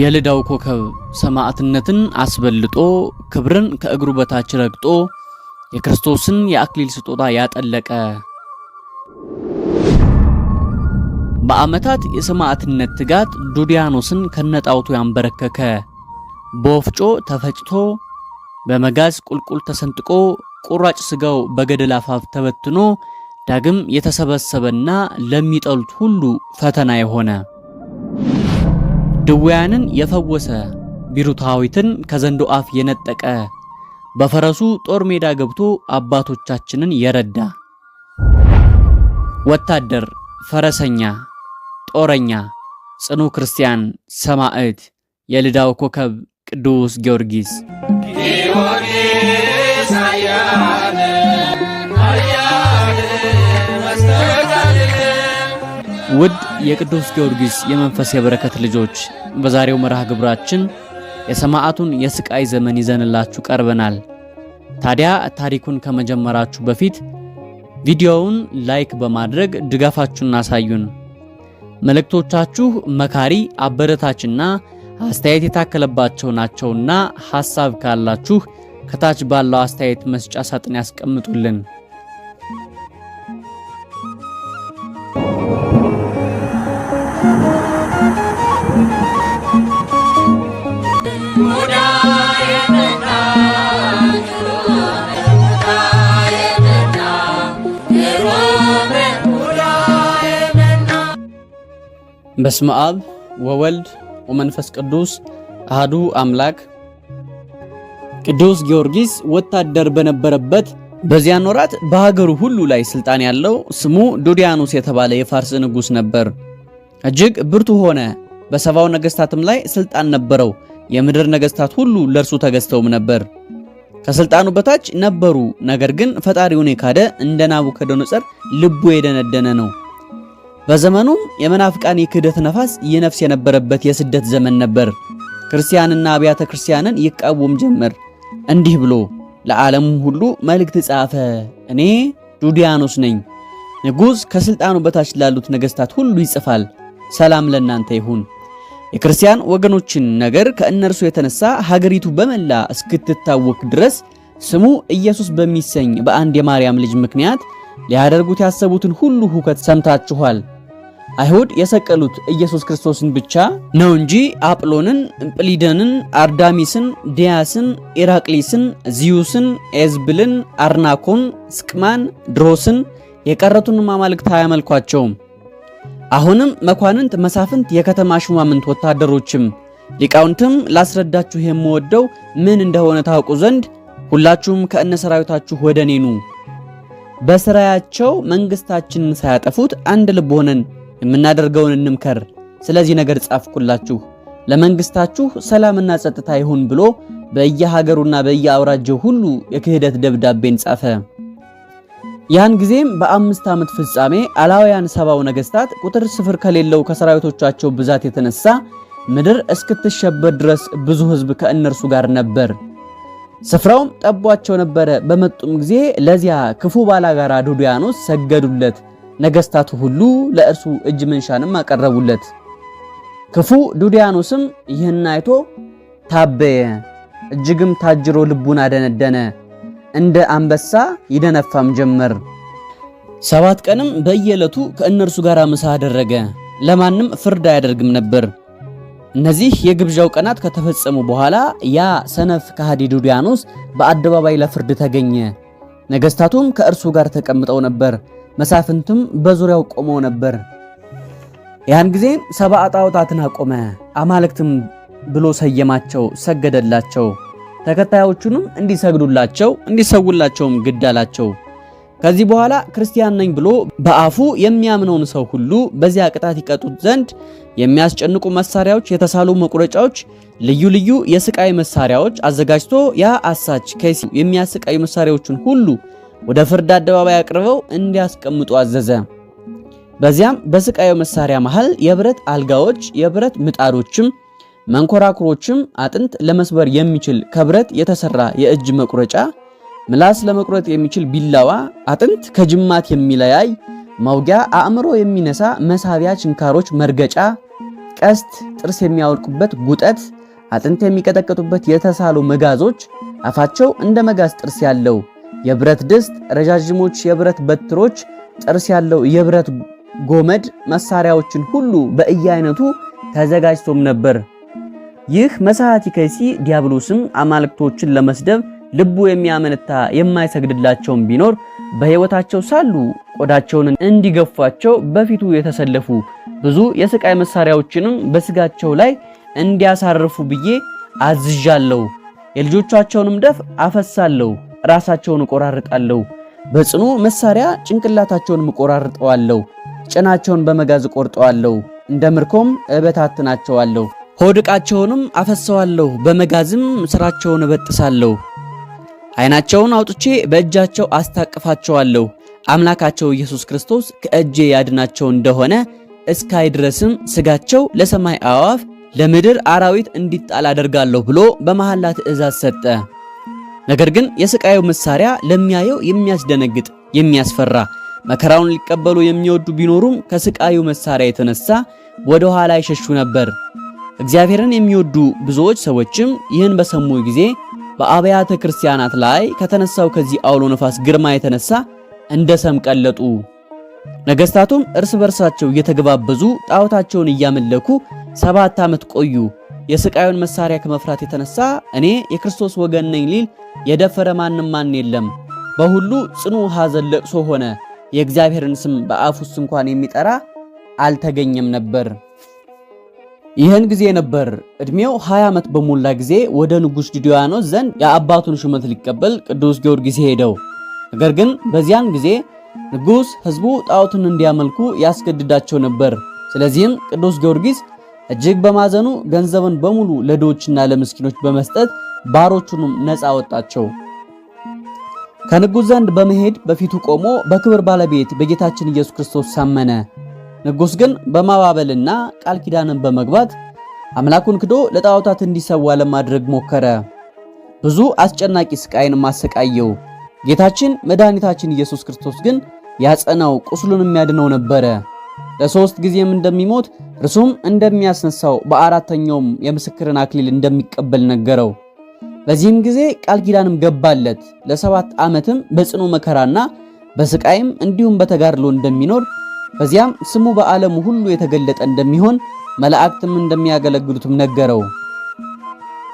የልዳው ኮከብ ሰማዕትነትን አስበልጦ ክብርን ከእግሩ በታች ረግጦ የክርስቶስን የአክሊል ስጦታ ያጠለቀ በዓመታት የሰማዕትነት ትጋት ዱዲያኖስን ከነጣውቱ ያንበረከከ በወፍጮ ተፈጭቶ በመጋዝ ቁልቁል ተሰንጥቆ ቁራጭ ስጋው በገደል አፋፍ ተበትኖ ዳግም የተሰበሰበና ለሚጠሉት ሁሉ ፈተና የሆነ ድውያንን የፈወሰ ቢሩታዊትን ከዘንዶ አፍ የነጠቀ በፈረሱ ጦር ሜዳ ገብቶ አባቶቻችንን የረዳ ወታደር፣ ፈረሰኛ፣ ጦረኛ፣ ጽኑ ክርስቲያን፣ ሰማዕት፣ የልዳው ኮከብ ቅዱስ ጊዮርጊስ ጊዮርጊስ ውድ የቅዱስ ጊዮርጊስ የመንፈስ የበረከት ልጆች በዛሬው መርሃ ግብራችን የሰማዕቱን የስቃይ ዘመን ይዘንላችሁ ቀርበናል። ታዲያ ታሪኩን ከመጀመራችሁ በፊት ቪዲዮውን ላይክ በማድረግ ድጋፋችሁን አሳዩን። መልእክቶቻችሁ መካሪ፣ አበረታችና አስተያየት የታከለባቸው ናቸውና ሐሳብ ካላችሁ ከታች ባለው አስተያየት መስጫ ሳጥን ያስቀምጡልን። በስመ አብ ወወልድ ወመንፈስ ቅዱስ አህዱ አምላክ። ቅዱስ ጊዮርጊስ ወታደር በነበረበት በዚያን ወራት በሀገሩ ሁሉ ላይ ስልጣን ያለው ስሙ ዶዲያኖስ የተባለ የፋርስ ንጉሥ ነበር። እጅግ ብርቱ ሆነ። በሰባው ነገሥታትም ላይ ስልጣን ነበረው። የምድር ነገሥታት ሁሉ ለእርሱ ተገዝተውም ነበር። ከስልጣኑ በታች ነበሩ። ነገር ግን ፈጣሪውን የካደ እንደ ልቡ የደነደነ ነው። በዘመኑም የመናፍቃን የክህደት ነፋስ ይነፍስ የነበረበት የስደት ዘመን ነበር። ክርስቲያንና አብያተ ክርስቲያንን ይቃወም ጀመር። እንዲህ ብሎ ለዓለም ሁሉ መልእክት ጻፈ። እኔ ዱዲያኖስ ነኝ። ንጉሥ ከስልጣኑ በታች ላሉት ነገሥታት ሁሉ ይጽፋል። ሰላም ለእናንተ ይሁን። የክርስቲያን ወገኖችን ነገር ከእነርሱ የተነሳ ሀገሪቱ በመላ እስክትታወክ ድረስ ስሙ ኢየሱስ በሚሰኝ በአንድ የማርያም ልጅ ምክንያት ሊያደርጉት ያሰቡትን ሁሉ ሁከት ሰምታችኋል። አይሁድ የሰቀሉት ኢየሱስ ክርስቶስን ብቻ ነው እንጂ አጵሎንን፣ ጵሊደንን፣ አርዳሚስን፣ ዲያስን፣ ኢራቅሊስን፣ ዚዩስን፣ ኤዝብልን፣ አርናኮን፣ ስቅማን፣ ድሮስን የቀረቱንም አማልክት አያመልኳቸውም። አሁንም መኳንንት፣ መሳፍንት፣ የከተማ ሹማምንት፣ ወታደሮችም ሊቃውንትም ላስረዳችሁ የምወደው ምን እንደሆነ ታውቁ ዘንድ ሁላችሁም ከእነ ሰራዊታችሁ ወደ እኔ ኑ። በስራያቸው መንግስታችንን ሳያጠፉት አንድ ልብ ሆነን የምናደርገውን እንምከር። ስለዚህ ነገር ጻፍኩላችሁ፣ ለመንግስታችሁ ሰላምና ጸጥታ ይሁን ብሎ በየሀገሩና በየአውራጀው ሁሉ የክህደት ደብዳቤን ጻፈ። ያን ጊዜም በአምስት ዓመት ፍጻሜ አላውያን ሰባው ነገስታት ቁጥር ስፍር ከሌለው ከሰራዊቶቻቸው ብዛት የተነሳ ምድር እስክትሸበር ድረስ ብዙ ህዝብ ከእነርሱ ጋር ነበር። ስፍራውም ጠቧቸው ነበረ። በመጡም ጊዜ ለዚያ ክፉ ባላጋራ ዶዲያኖስ ሰገዱለት። ነገስታቱ ሁሉ ለእርሱ እጅ መንሻንም አቀረቡለት። ክፉ ዱድያኖስም ይህን አይቶ ታበየ፣ እጅግም ታጅሮ ልቡን አደነደነ። እንደ አንበሳ ይደነፋም ጀመር። ሰባት ቀንም በየዕለቱ ከእነርሱ ጋር ምሳ አደረገ። ለማንም ፍርድ አያደርግም ነበር። እነዚህ የግብዣው ቀናት ከተፈጸሙ በኋላ ያ ሰነፍ ከሃዲ ዱዲያኖስ በአደባባይ ለፍርድ ተገኘ። ነገሥታቱም ከእርሱ ጋር ተቀምጠው ነበር፣ መሳፍንትም በዙሪያው ቆመው ነበር። ያን ጊዜም ሰባ ጣዖታትን አቆመ፣ አማልክትም ብሎ ሰየማቸው፣ ሰገደላቸው። ተከታዮቹንም እንዲሰግዱላቸው እንዲሰውላቸውም ግድ አላቸው። ከዚህ በኋላ ክርስቲያን ነኝ ብሎ በአፉ የሚያምነውን ሰው ሁሉ በዚያ ቅጣት ይቀጡት ዘንድ የሚያስጨንቁ መሳሪያዎች፣ የተሳሉ መቁረጫዎች፣ ልዩ ልዩ የስቃይ መሳሪያዎች አዘጋጅቶ ያ አሳች ከይሲ የሚያስቃዩ መሳሪያዎችን ሁሉ ወደ ፍርድ አደባባይ አቅርበው እንዲያስቀምጡ አዘዘ። በዚያም በስቃዩ መሳሪያ መሃል የብረት አልጋዎች፣ የብረት ምጣዶችም፣ መንኮራኩሮችም አጥንት ለመስበር የሚችል ከብረት የተሰራ የእጅ መቁረጫ ምላስ ለመቁረጥ የሚችል ቢላዋ፣ አጥንት ከጅማት የሚለያይ መውጊያ አእምሮ የሚነሳ መሳቢያ፣ ችንካሮች መርገጫ፣ ቀስት፣ ጥርስ የሚያወልቁበት ጉጠት፣ አጥንት የሚቀጠቀጡበት የተሳሉ መጋዞች፣ አፋቸው እንደ መጋዝ ጥርስ ያለው የብረት ድስት፣ ረዣዥሞች የብረት በትሮች፣ ጥርስ ያለው የብረት ጎመድ መሳሪያዎችን ሁሉ በእየአይነቱ ተዘጋጅቶም ነበር። ይህ መሳሃቲ ከይሲ ዲያብሎስም አማልክቶችን ለመስደብ ልቡ የሚያመነታ የማይሰግድላቸውም ቢኖር በሕይወታቸው ሳሉ ቆዳቸውን እንዲገፏቸው በፊቱ የተሰለፉ ብዙ የስቃይ መሳሪያዎችንም በስጋቸው ላይ እንዲያሳርፉ ብዬ አዝዣለሁ። የልጆቻቸውንም ደፍ አፈሳለሁ፣ ራሳቸውን እቆራርጣለሁ፣ በጽኑ መሳሪያ ጭንቅላታቸውንም እቆራርጠዋለሁ፣ ጭናቸውን በመጋዝ እቆርጠዋለሁ፣ እንደ ምርኮም እበታትናቸዋለሁ፣ ሆድቃቸውንም አፈሰዋለሁ፣ በመጋዝም ስራቸውን እበጥሳለሁ። ዓይናቸውን አውጥቼ በእጃቸው አስታቅፋቸዋለሁ። አምላካቸው ኢየሱስ ክርስቶስ ከእጄ ያድናቸው እንደሆነ እስካይ ድረስም ስጋቸው ለሰማይ አዕዋፍ ለምድር አራዊት እንዲጣል አደርጋለሁ ብሎ በመሐላ ትእዛዝ ሰጠ። ነገር ግን የስቃዩ መሳሪያ ለሚያየው የሚያስደነግጥ የሚያስፈራ መከራውን ሊቀበሉ የሚወዱ ቢኖሩም ከስቃዩ መሳሪያ የተነሳ ወደ ኋላ ይሸሹ ነበር። እግዚአብሔርን የሚወዱ ብዙዎች ሰዎችም ይህን በሰሙ ጊዜ በአብያተ ክርስቲያናት ላይ ከተነሳው ከዚህ አውሎ ነፋስ ግርማ የተነሳ እንደ ሰም ቀለጡ። ነገስታቱም እርስ በርሳቸው እየተገባበዙ ጣዖታቸውን እያመለኩ ሰባት ዓመት ቆዩ። የስቃዩን መሳሪያ ከመፍራት የተነሳ እኔ የክርስቶስ ወገን ነኝ ሊል የደፈረ ማንም ማን የለም። በሁሉ ጽኑ ሐዘን ለቅሶ ሆነ። የእግዚአብሔርን ስም በአፉስ እንኳን የሚጠራ አልተገኘም ነበር። ይህን ጊዜ ነበር እድሜው 20 ዓመት በሞላ ጊዜ ወደ ንጉሥ ዲዮድያኖስ ዘንድ የአባቱን ሹመት ሊቀበል ቅዱስ ጊዮርጊስ ሄደው። ነገር ግን በዚያን ጊዜ ንጉሥ ሕዝቡ ጣዖትን እንዲያመልኩ ያስገድዳቸው ነበር። ስለዚህም ቅዱስ ጊዮርጊስ እጅግ በማዘኑ ገንዘብን በሙሉ ለድሆችና ለምስኪኖች በመስጠት ባሮቹንም ነፃ ወጣቸው። ከንጉሥ ዘንድ በመሄድ በፊቱ ቆሞ በክብር ባለቤት በጌታችን ኢየሱስ ክርስቶስ ሳመነ። ንጉሥ ግን በማባበልና ቃል ኪዳንን በመግባት አምላኩን ክዶ ለጣዖታት እንዲሰዋ ለማድረግ ሞከረ። ብዙ አስጨናቂ ስቃይን ማሰቃየው። ጌታችን መድኃኒታችን ኢየሱስ ክርስቶስ ግን ያጸናው፣ ቁስሉን የሚያድነው ነበረ። ለሶስት ጊዜም እንደሚሞት እርሱም እንደሚያስነሳው በአራተኛውም የምስክርን አክሊል እንደሚቀበል ነገረው። በዚህም ጊዜ ቃል ኪዳንም ገባለት። ለሰባት ዓመትም በጽኑ መከራና በስቃይም እንዲሁም በተጋድሎ እንደሚኖር በዚያም ስሙ በአለም ሁሉ የተገለጠ እንደሚሆን መላእክትም እንደሚያገለግሉትም ነገረው።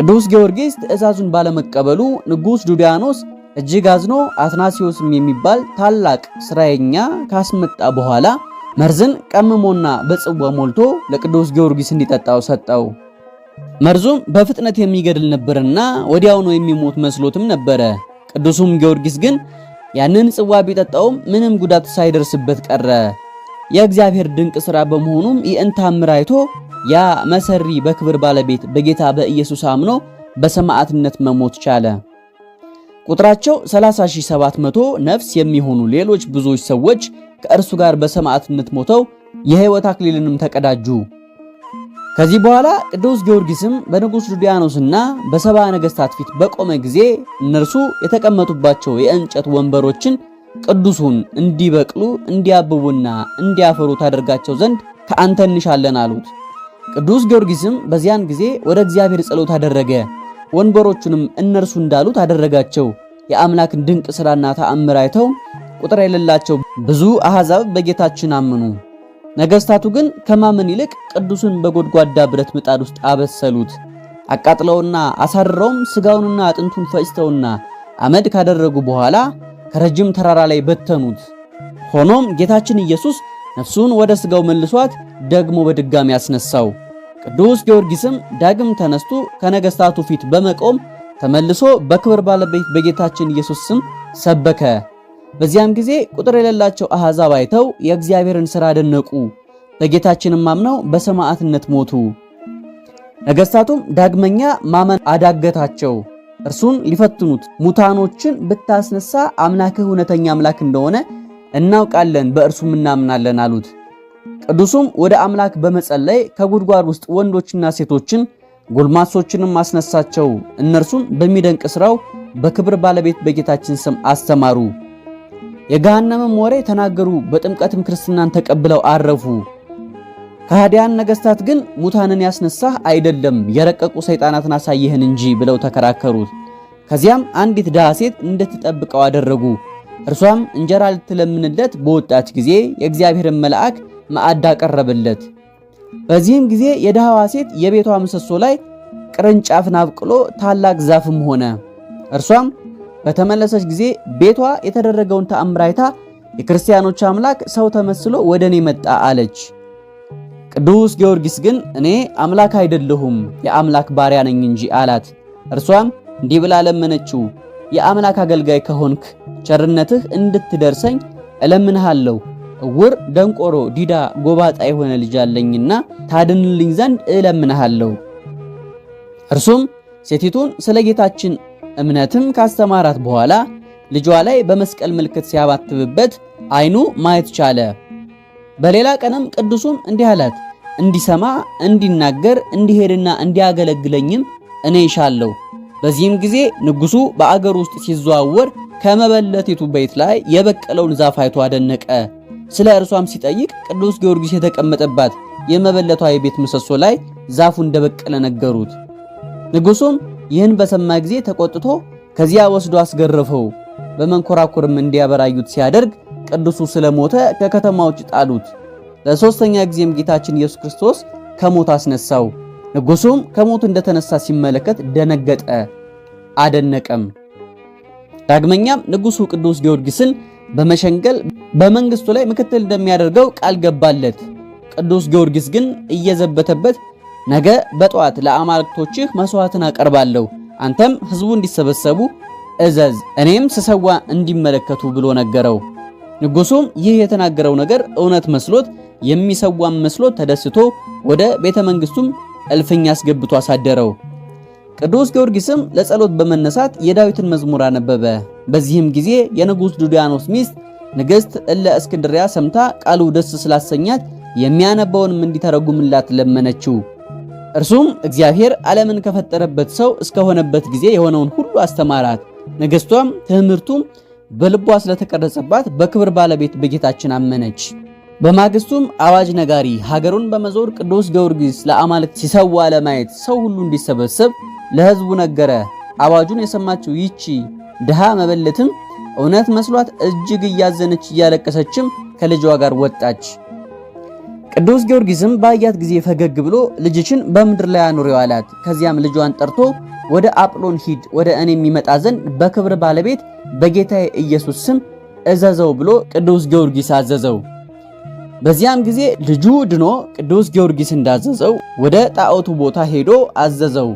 ቅዱስ ጊዮርጊስ ትእዛዙን ባለመቀበሉ ንጉሥ ዱዲያኖስ እጅግ አዝኖ አትናሲዮስም የሚባል ታላቅ ስራየኛ ካስመጣ በኋላ መርዝን ቀምሞና በጽዋ ሞልቶ ለቅዱስ ጊዮርጊስ እንዲጠጣው ሰጠው። መርዙም በፍጥነት የሚገድል ነበርና ነው የሚሞት መስሎትም ነበረ። ቅዱሱም ጊዮርጊስ ግን ያንን ጽዋ ቢጠጣውም ምንም ጉዳት ሳይደርስበት ቀረ። የእግዚአብሔር ድንቅ ሥራ በመሆኑም ይህን ተአምር አይቶ ያ መሰሪ በክብር ባለቤት በጌታ በኢየሱስ አምኖ በሰማዕትነት መሞት ቻለ። ቁጥራቸው 30700 ነፍስ የሚሆኑ ሌሎች ብዙዎች ሰዎች ከእርሱ ጋር በሰማዕትነት ሞተው የሕይወት አክሊልንም ተቀዳጁ። ከዚህ በኋላ ቅዱስ ጊዮርጊስም በንጉሥ ዱዲያኖስና በሰባ ነገሥታት ፊት በቆመ ጊዜ እነርሱ የተቀመጡባቸው የእንጨት ወንበሮችን ቅዱሱን እንዲበቅሉ እንዲያብቡና እንዲያፈሩ ታደርጋቸው ዘንድ ከአንተ እንሻለን አሉት። ቅዱስ ጊዮርጊስም በዚያን ጊዜ ወደ እግዚአብሔር ጸሎት አደረገ። ወንበሮቹንም እነርሱ እንዳሉት አደረጋቸው። የአምላክን ድንቅ ሥራና ተአምር አይተው ቁጥር የሌላቸው ብዙ አሕዛብ በጌታችን አመኑ። ነገሥታቱ ግን ከማመን ይልቅ ቅዱስን በጎድጓዳ ብረት ምጣድ ውስጥ አበሰሉት። አቃጥለውና አሳድረውም ሥጋውንና አጥንቱን ፈጭተውና አመድ ካደረጉ በኋላ ከረጅም ተራራ ላይ በተኑት። ሆኖም ጌታችን ኢየሱስ ነፍሱን ወደ ሥጋው መልሷት ደግሞ በድጋሚ አስነሳው። ቅዱስ ጊዮርጊስም ዳግም ተነስቶ ከነገሥታቱ ፊት በመቆም ተመልሶ በክብር ባለቤት በጌታችን ኢየሱስ ስም ሰበከ። በዚያም ጊዜ ቁጥር የሌላቸው አሕዛብ አይተው የእግዚአብሔርን ሥራ አደነቁ። በጌታችንም አምነው በሰማዕትነት ሞቱ። ነገሥታቱም ዳግመኛ ማመን አዳገታቸው። እርሱን ሊፈትኑት ሙታኖችን ብታስነሳ አምላክህ እውነተኛ አምላክ እንደሆነ እናውቃለን፣ በእርሱም እናምናለን አሉት። ቅዱሱም ወደ አምላክ በመጸለይ ከጉድጓድ ውስጥ ወንዶችና ሴቶችን ጎልማሶችንም አስነሳቸው። እነርሱም በሚደንቅ ሥራው በክብር ባለቤት በጌታችን ስም አስተማሩ። የገሃነምም ወሬ ተናገሩ። በጥምቀትም ክርስትናን ተቀብለው አረፉ። ከሃዲያን ነገስታት ግን ሙታንን ያስነሳህ አይደለም የረቀቁ ሰይጣናትን አሳየህን እንጂ ብለው ተከራከሩት። ከዚያም አንዲት ድሃ ሴት እንድትጠብቀው አደረጉ። እርሷም እንጀራ ልትለምንለት በወጣች ጊዜ የእግዚአብሔርን መልአክ ማዕድ አቀረበለት። በዚህም ጊዜ የድሃዋ ሴት የቤቷ ምሰሶ ላይ ቅርንጫፍን አብቅሎ ታላቅ ዛፍም ሆነ። እርሷም በተመለሰች ጊዜ ቤቷ የተደረገውን ተአምር አይታ የክርስቲያኖች አምላክ ሰው ተመስሎ ወደ እኔ መጣ አለች። ቅዱስ ጊዮርጊስ ግን እኔ አምላክ አይደለሁም የአምላክ ባሪያ ነኝ እንጂ አላት። እርሷም እንዲህ ብላ ለመነችው፣ የአምላክ አገልጋይ ከሆንክ ቸርነትህ እንድትደርሰኝ እለምንሃለሁ። እውር፣ ደንቆሮ፣ ዲዳ፣ ጎባጣ የሆነ ልጅ አለኝና ታድንልኝ ዘንድ እለምንሃለሁ። እርሱም ሴቲቱን ስለ ጌታችን እምነትም ካስተማራት በኋላ ልጇ ላይ በመስቀል ምልክት ሲያባትብበት አይኑ ማየት ቻለ። በሌላ ቀንም ቅዱሱም እንዲህ አላት፣ እንዲሰማ እንዲናገር እንዲሄድና እንዲያገለግለኝም እኔ ይሻለሁ። በዚህም ጊዜ ንጉሡ በአገር ውስጥ ሲዘዋወር ከመበለቲቱ ቤት ላይ የበቀለውን ዛፍ አይቶ አደነቀ። ስለ እርሷም ሲጠይቅ ቅዱስ ጊዮርጊስ የተቀመጠባት የመበለቷ የቤት ምሰሶ ላይ ዛፉ እንደበቀለ ነገሩት። ንጉሡም ይህን በሰማ ጊዜ ተቆጥቶ ከዚያ ወስዶ አስገረፈው። በመንኮራኩርም እንዲያበራዩት ሲያደርግ ቅዱሱ ስለሞተ ከከተማዎች ጣሉት። ለሶስተኛ ጊዜም ጌታችን ኢየሱስ ክርስቶስ ከሞት አስነሳው። ንጉሱም ከሞት እንደተነሳ ሲመለከት ደነገጠ፣ አደነቀም። ዳግመኛም ንጉሱ ቅዱስ ጊዮርጊስን በመሸንገል በመንግስቱ ላይ ምክትል እንደሚያደርገው ቃል ገባለት። ቅዱስ ጊዮርጊስ ግን እየዘበተበት ነገ በጠዋት ለአማልክቶችህ መስዋዕትን አቀርባለሁ፣ አንተም ህዝቡ እንዲሰበሰቡ እዘዝ፣ እኔም ስሰዋ እንዲመለከቱ ብሎ ነገረው። ንጉሱም ይህ የተናገረው ነገር እውነት መስሎት የሚሰዋም መስሎት ተደስቶ ወደ ቤተ መንግስቱም እልፍኝ አስገብቶ አሳደረው። ቅዱስ ጊዮርጊስም ለጸሎት በመነሳት የዳዊትን መዝሙር አነበበ። በዚህም ጊዜ የንጉስ ዱዲያኖስ ሚስት ንግሥት እለ እስክንድሪያ ሰምታ ቃሉ ደስ ስላሰኛት የሚያነባውንም እንዲተረጉምላት ለመነችው። እርሱም እግዚአብሔር ዓለምን ከፈጠረበት ሰው እስከሆነበት ጊዜ የሆነውን ሁሉ አስተማራት። ንግሥቷም ትምህርቱም በልቧ ስለተቀረጸባት በክብር ባለቤት በጌታችን አመነች። በማግስቱም አዋጅ ነጋሪ ሀገሩን በመዞር ቅዱስ ጊዮርጊስ ለአማልክት ሲሰዋ ለማየት ሰው ሁሉ እንዲሰበሰብ ለሕዝቡ ነገረ። አዋጁን የሰማችው ይቺ ድሃ መበለትም እውነት መስሏት እጅግ እያዘነች እያለቀሰችም ከልጇ ጋር ወጣች። ቅዱስ ጊዮርጊስም ባያት ጊዜ ፈገግ ብሎ ልጅችን በምድር ላይ አኑሪው አላት። ከዚያም ልጇን ጠርቶ ወደ አጵሎን ሂድ፣ ወደ እኔ የሚመጣ ዘንድ በክብር ባለቤት በጌታዬ ኢየሱስ ስም እዘዘው ብሎ ቅዱስ ጊዮርጊስ አዘዘው። በዚያም ጊዜ ልጁ ድኖ ቅዱስ ጊዮርጊስ እንዳዘዘው ወደ ጣዖቱ ቦታ ሄዶ አዘዘው።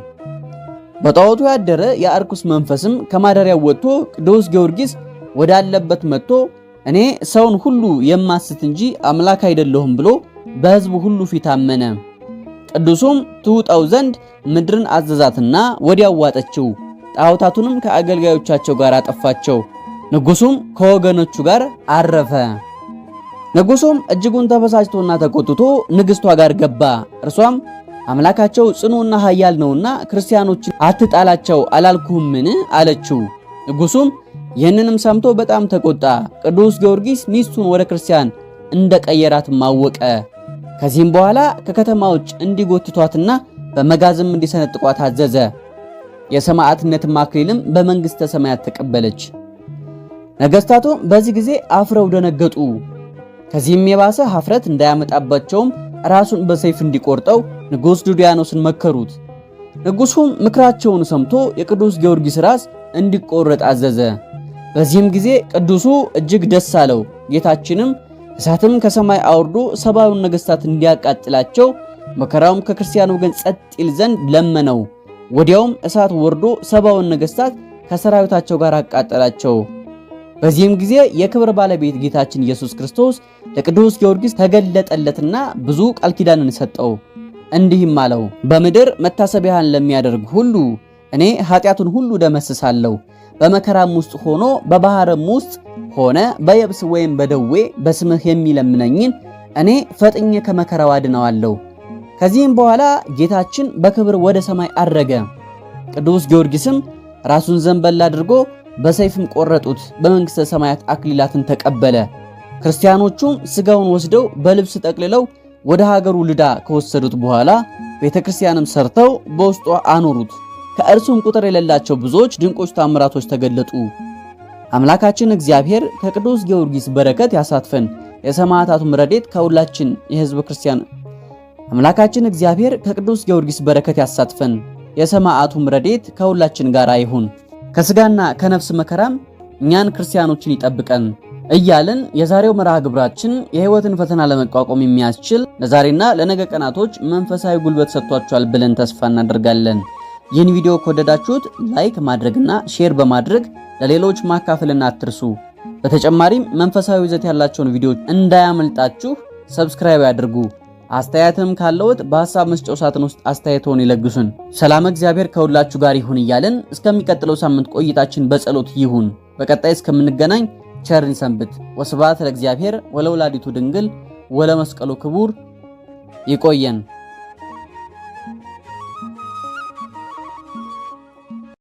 በጣዖቱ ያደረ የአርኩስ መንፈስም ከማደሪያው ወጥቶ ቅዱስ ጊዮርጊስ ወዳለበት መጥቶ እኔ ሰውን ሁሉ የማስት እንጂ አምላክ አይደለሁም ብሎ በሕዝቡ ሁሉ ፊት አመነ። ቅዱሱም ትውጠው ዘንድ ምድርን አዘዛትና ወዲያው ዋጠችው። ጣዖታቱንም ከአገልጋዮቻቸው ጋር አጠፋቸው። ንጉሱም ከወገኖቹ ጋር አረፈ። ንጉሱም እጅጉን ተበሳጭቶና ተቆጥቶ ንግስቷ ጋር ገባ። እርሷም አምላካቸው ጽኑና ኃያል ነውና ክርስቲያኖችን አትጣላቸው አላልኩህምን? አለችው። ንጉሱም ይህንንም ሰምቶ በጣም ተቆጣ። ቅዱስ ጊዮርጊስ ሚስቱን ወደ ክርስቲያን እንደቀየራት ማወቀ። ከዚህም በኋላ ከከተማ ውጭ እንዲጎትቷትና በመጋዝም እንዲሰነጥቋት አዘዘ። የሰማዕትነትም አክሊልም በመንግሥተ ሰማያት ተቀበለች። ነገሥታቱ በዚህ ጊዜ አፍረው ደነገጡ። ከዚህም የባሰ ሀፍረት እንዳያመጣባቸውም ራሱን በሰይፍ እንዲቆርጠው ንጉሥ ዱድያኖስን መከሩት። ንጉሡም ምክራቸውን ሰምቶ የቅዱስ ጊዮርጊስ ራስ እንዲቆረጥ አዘዘ። በዚህም ጊዜ ቅዱሱ እጅግ ደስ አለው። ጌታችንም እሳትም ከሰማይ አውርዶ ሰባውን ነገሥታት እንዲያቃጥላቸው መከራውም ከክርስቲያን ወገን ጸጥ ይል ዘንድ ለመነው። ወዲያውም እሳት ወርዶ ሰባውን ነገሥታት ከሰራዊታቸው ጋር አቃጠላቸው። በዚህም ጊዜ የክብር ባለቤት ጌታችን ኢየሱስ ክርስቶስ ለቅዱስ ጊዮርጊስ ተገለጠለትና ብዙ ቃል ኪዳንን ሰጠው። እንዲህም አለው፣ በምድር መታሰቢያህን ለሚያደርግ ሁሉ እኔ ኃጢአቱን ሁሉ ደመስሳለሁ። በመከራም ውስጥ ሆኖ በባህርም ውስጥ ሆነ በየብስ ወይም በደዌ በስምህ የሚለምነኝን እኔ ፈጥኜ ከመከራው አድነዋለሁ። ከዚህም በኋላ ጌታችን በክብር ወደ ሰማይ አረገ። ቅዱስ ጊዮርጊስም ራሱን ዘንበል አድርጎ በሰይፍም ቆረጡት። በመንግሥተ ሰማያት አክሊላትን ተቀበለ። ክርስቲያኖቹም ሥጋውን ወስደው በልብስ ጠቅልለው ወደ ሀገሩ ልዳ ከወሰዱት በኋላ ቤተ ክርስቲያንም ሰርተው በውስጧ አኖሩት። ከእርሱም ቁጥር የሌላቸው ብዙዎች ድንቆች ታምራቶች ተገለጡ። አምላካችን እግዚአብሔር ከቅዱስ ጊዮርጊስ በረከት ያሳትፈን፣ የሰማዕታቱም ረድኤት ከሁላችን የሕዝበ ክርስቲያን አምላካችን እግዚአብሔር ከቅዱስ ጊዮርጊስ በረከት ያሳትፈን፣ የሰማዕቱም ረድኤት ከሁላችን ጋር ይሁን፣ ከስጋና ከነፍስ መከራም እኛን ክርስቲያኖችን ይጠብቀን እያልን የዛሬው መርሃ ግብራችን የህይወትን ፈተና ለመቋቋም የሚያስችል ለዛሬና ለነገ ቀናቶች መንፈሳዊ ጉልበት ሰጥቷቸዋል ብለን ተስፋ እናደርጋለን። ይህን ቪዲዮ ከወደዳችሁት ላይክ ማድረግና ሼር በማድረግ ለሌሎች ማካፈልን አትርሱ። በተጨማሪም መንፈሳዊ ይዘት ያላቸውን ቪዲዮዎች እንዳያመልጣችሁ ሰብስክራይብ ያድርጉ። አስተያየትም ካለዎት በሐሳብ መስጫው ሳጥን ውስጥ አስተያየቶን ይለግሱን። ሰላም እግዚአብሔር ከሁላችሁ ጋር ይሁን እያልን እስከሚቀጥለው ሳምንት ቆይታችን በጸሎት ይሁን። በቀጣይ እስከምንገናኝ ቸርን ሰንብት። ወስብሐት ለእግዚአብሔር ወለወላዲቱ ድንግል ወለመስቀሉ ክቡር። ይቆየን።